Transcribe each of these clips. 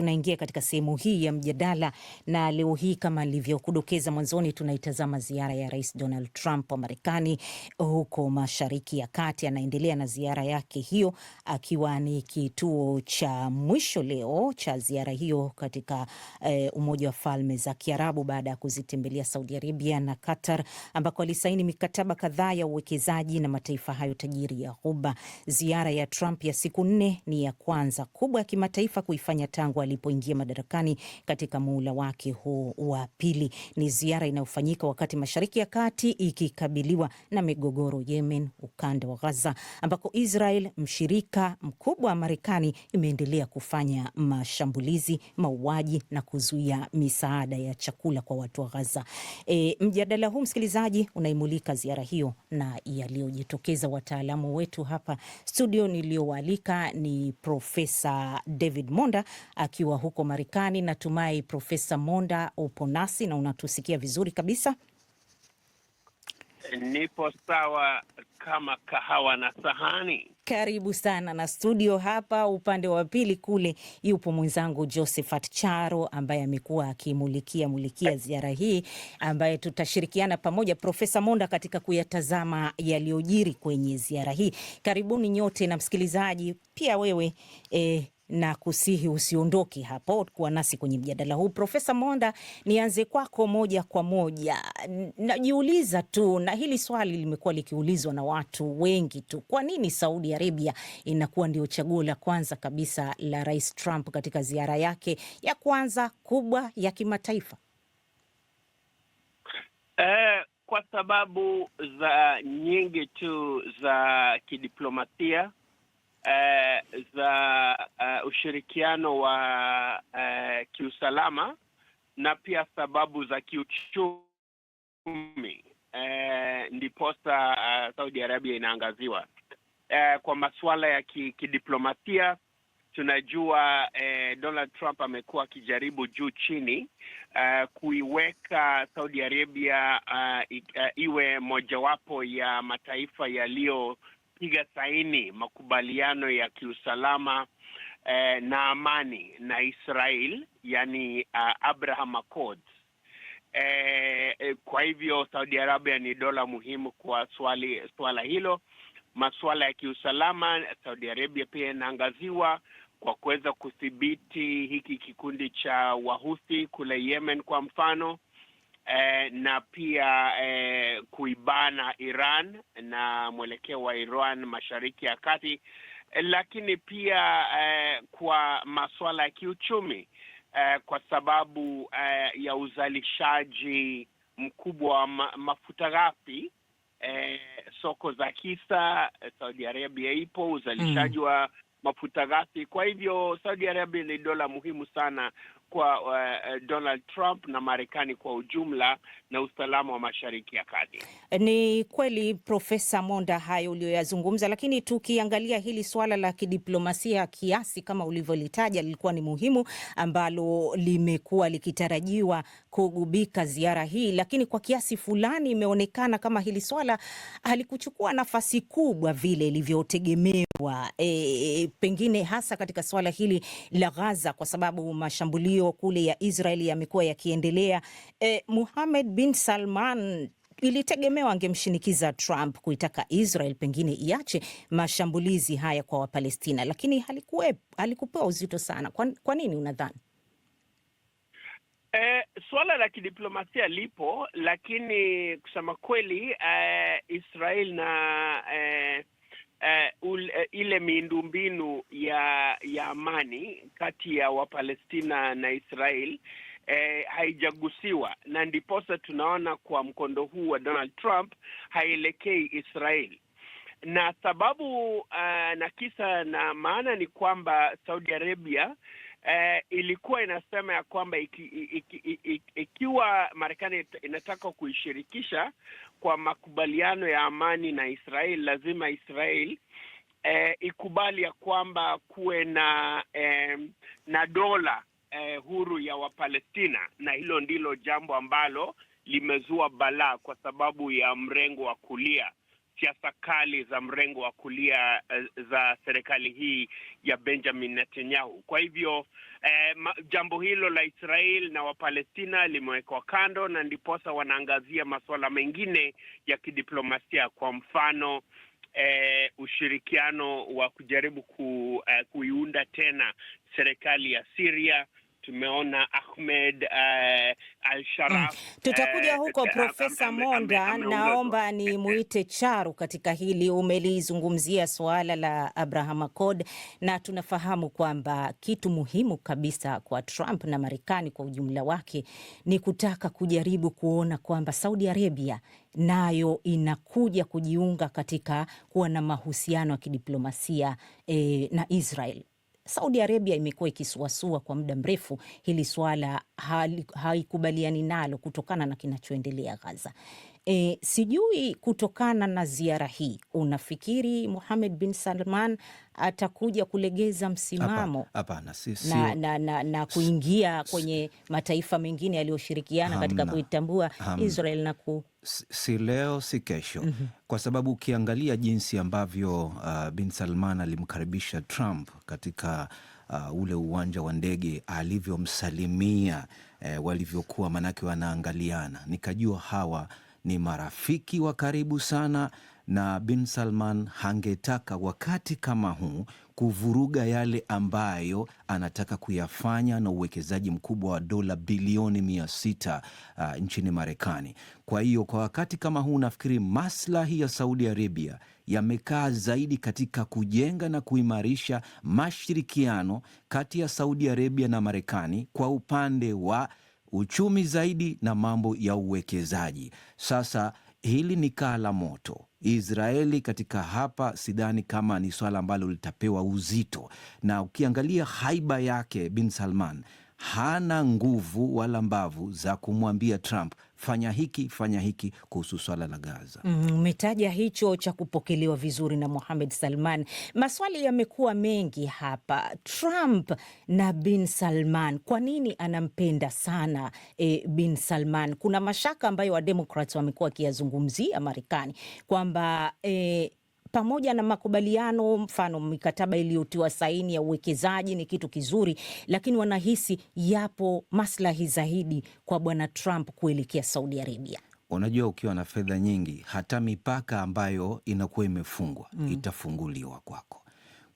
tunaingia katika sehemu hii ya mjadala, na leo hii kama alivyokudokeza mwanzoni, tunaitazama ziara ya Rais Donald Trump wa Marekani huko Mashariki ya Kati. Anaendelea na ziara yake hiyo, akiwa ni kituo cha mwisho leo cha ziara hiyo katika eh, Umoja wa Falme za Kiarabu baada ya kuzitembelea Saudi Arabia na Qatar ambako alisaini mikataba kadhaa ya uwekezaji na mataifa hayo tajiri ya Ghuba. Ziara ya Trump ya siku nne ni ya kwanza kubwa ya kimataifa kuifanya tangu alipoingia madarakani katika muula wake huu wa pili. Ni ziara inayofanyika wakati Mashariki ya Kati ikikabiliwa na migogoro Yemen, ukanda wa Gaza, ambako Israel mshirika mkubwa wa Marekani imeendelea kufanya mashambulizi, mauaji na kuzuia misaada ya chakula kwa watu wa Gaza. E, mjadala huu msikilizaji unaimulika ziara hiyo na yaliyojitokeza. Wataalamu wetu hapa studio niliyowaalika ni Profesa David Monda aki ukiwa huko Marekani. Natumai Profesa Monda upo nasi na unatusikia vizuri kabisa. Nipo sawa kama kahawa na sahani. Karibu sana na studio hapa. Upande wa pili kule yupo mwenzangu Josephat Charo ambaye amekuwa akimulikia mulikia ziara hii ambaye tutashirikiana pamoja Profesa Monda katika kuyatazama yaliyojiri kwenye ziara hii. Karibuni nyote na msikilizaji pia wewe eh, na kusihi usiondoki hapo, kuwa nasi kwenye mjadala huu. Profesa Monda, nianze kwako moja kwa moja. Najiuliza tu, na hili swali limekuwa likiulizwa na watu wengi tu, kwa nini Saudi Arabia inakuwa ndio chaguo la kwanza kabisa la Rais Trump katika ziara yake ya kwanza kubwa ya kimataifa? Eh, kwa sababu za nyingi tu za kidiplomasia Eh, za uh, ushirikiano wa uh, kiusalama na pia sababu za kiuchumi uh, ndiposa uh, Saudi Arabia inaangaziwa uh, kwa masuala ya kidiplomasia ki tunajua eh, Donald Trump amekuwa akijaribu juu chini uh, kuiweka Saudi Arabia uh, i, uh, iwe mojawapo ya mataifa yaliyo kupiga saini makubaliano ya kiusalama eh, na amani na Israel, yani uh, Abraham Accords. Eh, eh, kwa hivyo Saudi Arabia ni dola muhimu kwa swali swala hilo. Masuala ya kiusalama, Saudi Arabia pia inaangaziwa kwa kuweza kudhibiti hiki kikundi cha Wahuthi kule Yemen kwa mfano eh, na pia eh, kuibana Iran na mwelekeo wa Iran Mashariki ya Kati, eh, lakini pia eh, kwa masuala ya kiuchumi eh, kwa sababu eh, ya uzalishaji mkubwa wa ma mafuta ghafi eh, soko za kisa Saudi Arabia ipo uzalishaji hmm. wa mafuta ghafi. Kwa hivyo Saudi Arabia ni dola muhimu sana kwa uh, Donald Trump na Marekani kwa ujumla na usalama wa Mashariki ya Kati. Ni kweli Profesa Monda, hayo uliyoyazungumza, lakini tukiangalia hili suala la kidiplomasia kiasi kama ulivyolitaja lilikuwa ni muhimu, ambalo limekuwa likitarajiwa kugubika ziara hii, lakini kwa kiasi fulani imeonekana kama hili swala halikuchukua nafasi kubwa vile ilivyotegemewa, e, pengine hasa katika swala hili la Gaza, kwa sababu mashambulio kule ya Israeli yamekuwa yakiendelea. E, Muhamed bin Salman ilitegemewa angemshinikiza Trump kuitaka Israel pengine iache mashambulizi haya kwa Wapalestina, lakini halikupewa uzito sana. Kwa, kwa nini unadhani? Eh, suala la kidiplomasia lipo, lakini kusema kweli eh, Israel na eh, eh, ul, eh, ile miundombinu ya ya amani kati ya Wapalestina na Israel eh, haijagusiwa na ndiposa tunaona kwa mkondo huu wa Donald Trump haielekei Israel na sababu uh, na kisa na maana ni kwamba Saudi Arabia uh, ilikuwa inasema ya kwamba iki, iki, iki, ikiwa Marekani inataka kuishirikisha kwa makubaliano ya amani na Israel, lazima Israel uh, ikubali ya kwamba kuwe na um, na dola eh, huru ya Wapalestina, na hilo ndilo jambo ambalo limezua balaa kwa sababu ya mrengo wa kulia, siasa kali za mrengo wa kulia eh, za serikali hii ya Benjamin Netanyahu. Kwa hivyo eh, jambo hilo la Israel na Wapalestina limewekwa kando, na ndiposa wanaangazia masuala mengine ya kidiplomasia, kwa mfano eh, ushirikiano wa kujaribu ku, eh, kuiunda tena serikali ya Syria tumeona Ahmed uh, al-Sharaf mm. Tutakuja eh, huko uh, Profesa Monda, naomba ni muite Charu katika hili. Umelizungumzia suala la Abraham Accord, na tunafahamu kwamba kitu muhimu kabisa kwa Trump na Marekani kwa ujumla wake ni kutaka kujaribu kuona kwamba Saudi Arabia nayo inakuja kujiunga katika kuwa na mahusiano ya kidiplomasia eh, na Israel. Saudi Arabia imekuwa ikisuasua kwa muda mrefu, hili swala haikubaliani nalo kutokana na kinachoendelea Gaza. E, sijui kutokana na ziara hii unafikiri Mohamed bin Salman atakuja kulegeza msimamo apa, apa, na, si, si, na, na, na, na kuingia si, kwenye mataifa mengine yaliyoshirikiana katika kuitambua Israel na ku... si, si leo si kesho mm -hmm. Kwa sababu ukiangalia jinsi ambavyo uh, bin Salman alimkaribisha Trump katika uh, ule uwanja wa ndege alivyomsalimia, eh, walivyokuwa manake wanaangaliana, nikajua hawa ni marafiki wa karibu sana, na bin Salman hangetaka wakati kama huu kuvuruga yale ambayo anataka kuyafanya na uwekezaji mkubwa wa dola bilioni mia sita uh, nchini Marekani. Kwa hiyo kwa wakati kama huu nafikiri maslahi ya Saudi Arabia yamekaa zaidi katika kujenga na kuimarisha mashirikiano kati ya Saudi Arabia na Marekani kwa upande wa uchumi zaidi na mambo ya uwekezaji. Sasa hili ni kaa la moto Israeli katika hapa, sidhani kama ni swala ambalo litapewa uzito, na ukiangalia haiba yake bin Salman hana nguvu wala mbavu za kumwambia Trump fanya hiki fanya hiki kuhusu swala la Gaza. Mm, umetaja mm, hicho cha kupokelewa vizuri na Mohamed Salman. Maswali yamekuwa mengi hapa, Trump na bin Salman, kwa nini anampenda sana e, bin Salman? Kuna mashaka ambayo Wademokrat wamekuwa wakiyazungumzia Marekani kwamba e, pamoja na makubaliano, mfano mikataba iliyotiwa saini ya uwekezaji ni kitu kizuri, lakini wanahisi yapo maslahi zaidi kwa bwana Trump kuelekea Saudi Arabia. Unajua, ukiwa na fedha nyingi, hata mipaka ambayo inakuwa imefungwa mm. itafunguliwa kwako.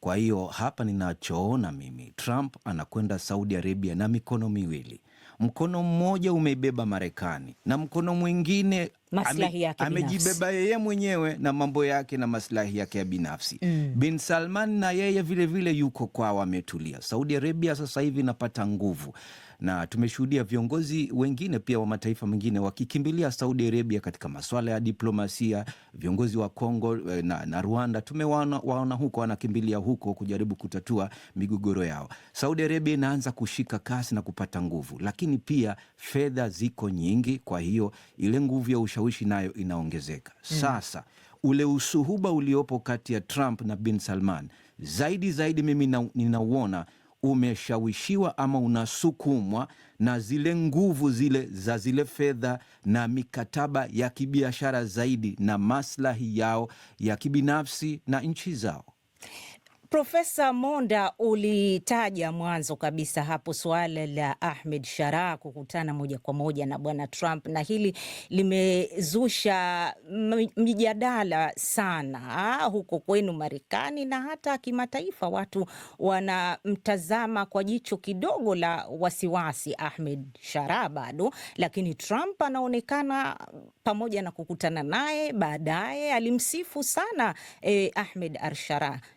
Kwa hiyo hapa ninachoona mimi, Trump anakwenda Saudi Arabia na mikono miwili. Mkono mmoja umeibeba Marekani na mkono mwingine maslahi yake binafsi, amejibeba yeye mwenyewe na mambo yake na maslahi yake ya binafsi mm. Bin Salman na yeye vile vile yuko kwao ametulia. Saudi Arabia sasa hivi inapata nguvu na tumeshuhudia viongozi wengine pia wa mataifa mengine wakikimbilia Saudi Arabia katika masuala ya diplomasia. Viongozi wa Kongo eh, na, na Rwanda tumewaona huko, wanakimbilia huko kujaribu kutatua migogoro yao. Saudi Arabia inaanza kushika kasi na kupata nguvu, lakini pia fedha ziko nyingi, kwa hiyo ile nguvu ya usha ushawishi nayo inaongezeka hmm. sasa. Ule usuhuba uliopo kati ya Trump na bin Salman zaidi zaidi, mimi ninauona umeshawishiwa ama unasukumwa na zile nguvu zile za zile fedha na mikataba ya kibiashara zaidi na maslahi yao ya kibinafsi na nchi zao. Profesa Monda, ulitaja mwanzo kabisa hapo suala la Ahmed shara kukutana moja kwa moja na bwana Trump, na hili limezusha mijadala sana ha, huko kwenu Marekani na hata kimataifa. Watu wanamtazama kwa jicho kidogo la wasiwasi Ahmed shara bado, lakini Trump anaonekana pamoja na kukutana naye baadaye alimsifu sana eh, Ahmed al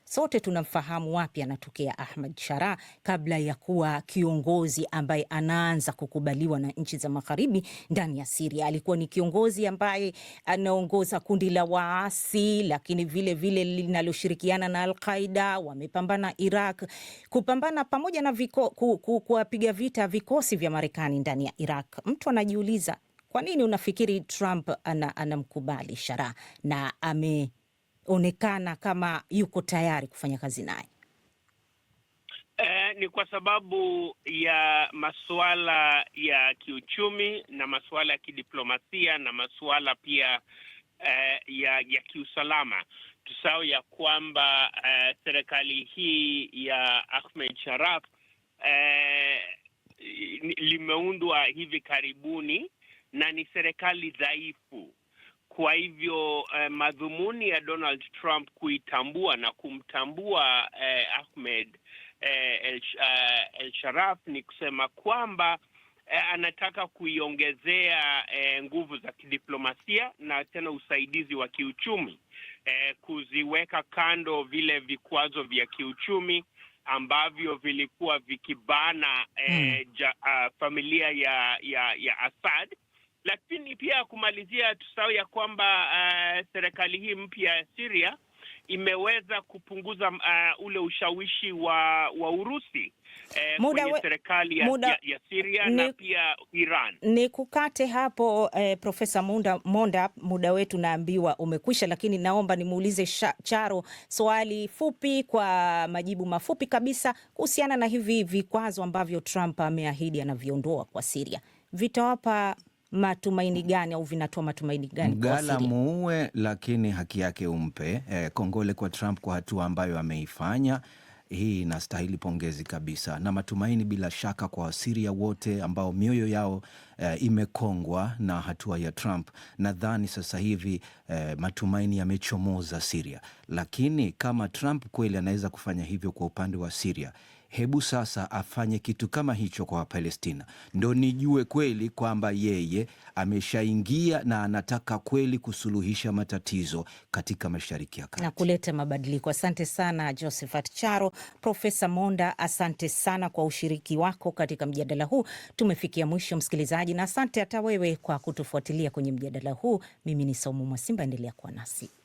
Sote tunamfahamu wapi anatokea Ahmad Shara kabla ya kuwa kiongozi ambaye anaanza kukubaliwa na nchi za magharibi ndani ya siria Alikuwa ni kiongozi ambaye anaongoza kundi la waasi, lakini vile vile linaloshirikiana na alqaida Wamepambana Iraq, kupambana pamoja na viko, ku, ku, kuwapiga vita vikosi vya Marekani ndani ya Iraq. Mtu anajiuliza kwa nini unafikiri Trump anamkubali ana Shara na ame onekana kama yuko tayari kufanya kazi naye? Eh, ni kwa sababu ya masuala ya kiuchumi na masuala ya kidiplomasia na masuala pia eh, ya ya kiusalama. Tusahau ya kwamba eh, serikali hii ya Ahmed Sharaf eh, limeundwa hivi karibuni na ni serikali dhaifu kwa hivyo eh, madhumuni ya Donald Trump kuitambua na kumtambua eh, Ahmed eh, el, uh, el Sharaf ni kusema kwamba eh, anataka kuiongezea eh, nguvu za kidiplomasia na tena usaidizi wa kiuchumi eh, kuziweka kando vile vikwazo vya kiuchumi ambavyo vilikuwa vikibana eh, hmm. ja, uh, familia ya ya, ya Assad lakini pia kumalizia, tusahau ya kwamba uh, serikali hii mpya ya Syria imeweza kupunguza uh, ule ushawishi wa wa Urusi eh, kwenye serikali ya, ya, ya Syria ni, na pia Iran. Ni kukate hapo eh, Profesa Monda, Monda, muda wetu naambiwa umekwisha, lakini naomba nimuulize Charo swali fupi kwa majibu mafupi kabisa kuhusiana na hivi vikwazo ambavyo Trump ameahidi anaviondoa kwa Syria, vitawapa matumaini gani au vinatoa matumaini gani? Mgala muue, lakini haki yake umpe. Eh, kongole kwa Trump kwa hatua ambayo ameifanya hii inastahili pongezi kabisa, na matumaini bila shaka kwa Wasiria wote ambao mioyo yao e, imekongwa na hatua ya Trump. Nadhani sasa hivi e, matumaini yamechomoza Siria, lakini kama Trump kweli anaweza kufanya hivyo kwa upande wa Siria, hebu sasa afanye kitu kama hicho kwa Wapalestina, ndo nijue kweli kwamba yeye ameshaingia na anataka kweli kusuluhisha matatizo katika Mashariki ya Kati na kuleta mabadiliko. Asante sana Josephat Charo. Profesa Monda, asante sana kwa ushiriki wako katika mjadala huu. Tumefikia mwisho, msikilizaji, na asante hata wewe kwa kutufuatilia kwenye mjadala huu. Mimi ni Saumu Mwasimba, endelea kuwa nasi.